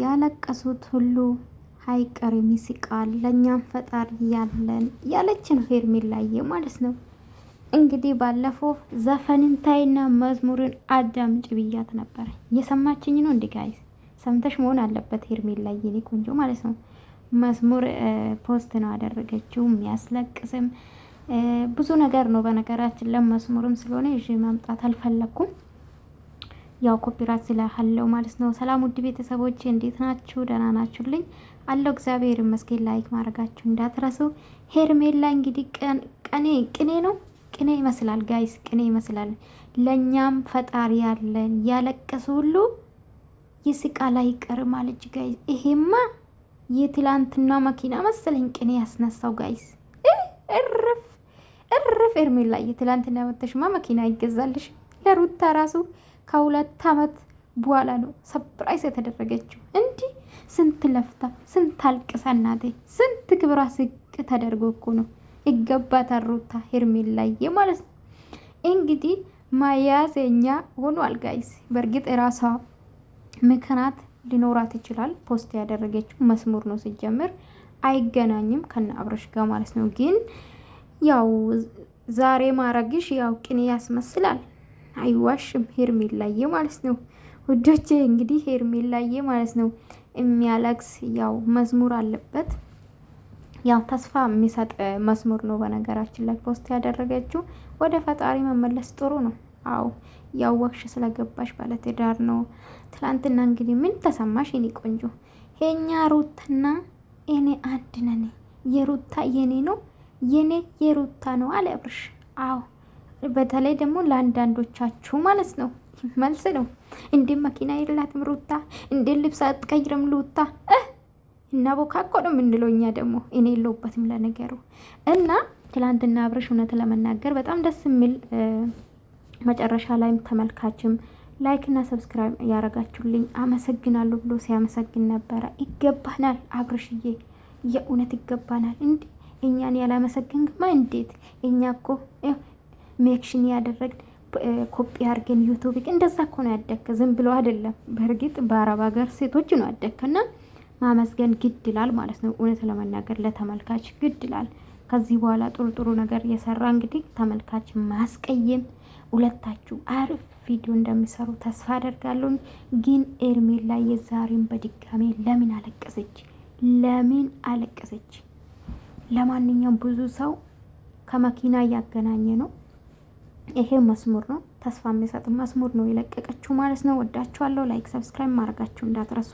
ያለቀሱት ሁሉ አይቀርም ይስቃል፣ ለእኛም ፈጣሪ ያለን ያለች ነው ሄርሜላዬ ማለት ነው። እንግዲህ ባለፈው ዘፈንን ታይና መዝሙርን አዳምጪ ብያት ነበር። እየሰማችኝ ነው እንዲ ጋይስ፣ ሰምተሽ መሆን አለበት ሄርሜላዬ፣ የኔ ቆንጆ ማለት ነው። መዝሙር ፖስት ነው አደረገችው፣ የሚያስለቅስም ብዙ ነገር ነው። በነገራችን ለመዝሙርም ስለሆነ ይዤ መምጣት አልፈለኩም። ያው ኮፒራት ስላለው ማለት ነው። ሰላም ውድ ቤተሰቦች እንዴት ናችሁ? ደህና ናችሁልኝ? አለው እግዚአብሔር ይመስገን። ላይክ ማድረጋችሁ እንዳትረሱ። ሄርሜላ እንግዲህ ቅኔ ቅኔ ነው ቅኔ ይመስላል ጋይስ፣ ቅኔ ይመስላል። ለእኛም ፈጣሪ ያለን ያለቀሱ ሁሉ ይስቃል አይቀርም አለች ጋይስ። ይሄማ የትላንትና መኪና መሰለኝ ቅኔ ያስነሳው ጋይስ። እርፍ እርፍ ሄርሜላ፣ የትላንትና መተሽማ መኪና ይገዛልሽ ለሩታ ራሱ ከሁለት ዓመት በኋላ ነው ሰፕራይዝ የተደረገችው። እንዲህ ስንት ለፍታ ስንት አልቅሳ እናቴ ስንት ክብራ ስቅ ተደርጎ እኮ ነው ይገባታል። ሩታ ሄርሜላዬ ማለት ነው እንግዲህ ማያዘኛ ሆኗል ጋይስ። በእርግጥ የራሷ ምክንያት ሊኖራት ይችላል። ፖስት ያደረገችው መስሙር ነው ሲጀምር አይገናኝም ከነ አብረሽ ጋር ማለት ነው። ግን ያው ዛሬ ማረግሽ ያው ቅኔ ያስመስላል። አይዋሽም ሄርሜላዬ ማለት ነው ውዶቼ። እንግዲህ ሄርሜላዬ ማለት ነው የሚያለቅስ ያው መዝሙር አለበት። ያው ተስፋ የሚሰጥ መዝሙር ነው። በነገራችን ላይ ፖስት ያደረገችው ወደ ፈጣሪ መመለስ ጥሩ ነው። ያው ወክሽ ስለገባሽ ባለትዳር ነው። ትላንትና እንግዲህ ምን ተሰማሽ እኔ ቆንጆ? ሄኛ ሩትና እኔ አንድ የሩታ የኔ ነው፣ የኔ የሩታ ነው አለ አብርሽ። አው በተለይ ደግሞ ለአንዳንዶቻችሁ ማለት ነው መልስ ነው። እንዴ መኪና የላትም ሩታ፣ እንዴ ልብስ አትቀይርም ሩታ እና ቦካ እኮ ነው የምንለው እኛ ደግሞ እኔ የለውበትም ለነገሩ። እና ትላንትና አብረሽ እውነት ለመናገር በጣም ደስ የሚል መጨረሻ ላይም ተመልካችም ላይክ እና ሰብስክራይብ ያደረጋችሁልኝ አመሰግናለሁ ብሎ ሲያመሰግን ነበረ። ይገባናል አብረሽዬ፣ የእውነት ይገባናል። እንዲ እኛን ግማ እንዴት እኛ እኮ ሜክሽን ያደረግን ኮፒ አድርገን ዩቱብ እንደዛ እኮ ነው ያደከ። ዝም ብሎ አይደለም። በእርግጥ በአረብ ሀገር ሴቶች ነው ያደከና ማመስገን ግድ ይላል ማለት ነው። እውነት ለመናገር ለተመልካች ግድ ይላል። ከዚህ በኋላ ጥሩ ጥሩ ነገር የሰራ እንግዲህ ተመልካች ማስቀየም ሁለታችሁ አሪፍ ቪዲዮ እንደሚሰሩ ተስፋ አደርጋለሁ። ግን ላይ የዛሬን በድጋሜ ለምን አለቀሰች? ለምን አለቀሰች? ለማንኛውም ብዙ ሰው ከመኪና እያገናኘ ነው ይሄ መስሙር ነው። ተስፋ የሚሰጥ መስሙር ነው የለቀቀችው ማለት ነው። ወዳችኋለሁ። ላይክ ሰብስክራይብ ማድረጋችሁ እንዳትረሱ።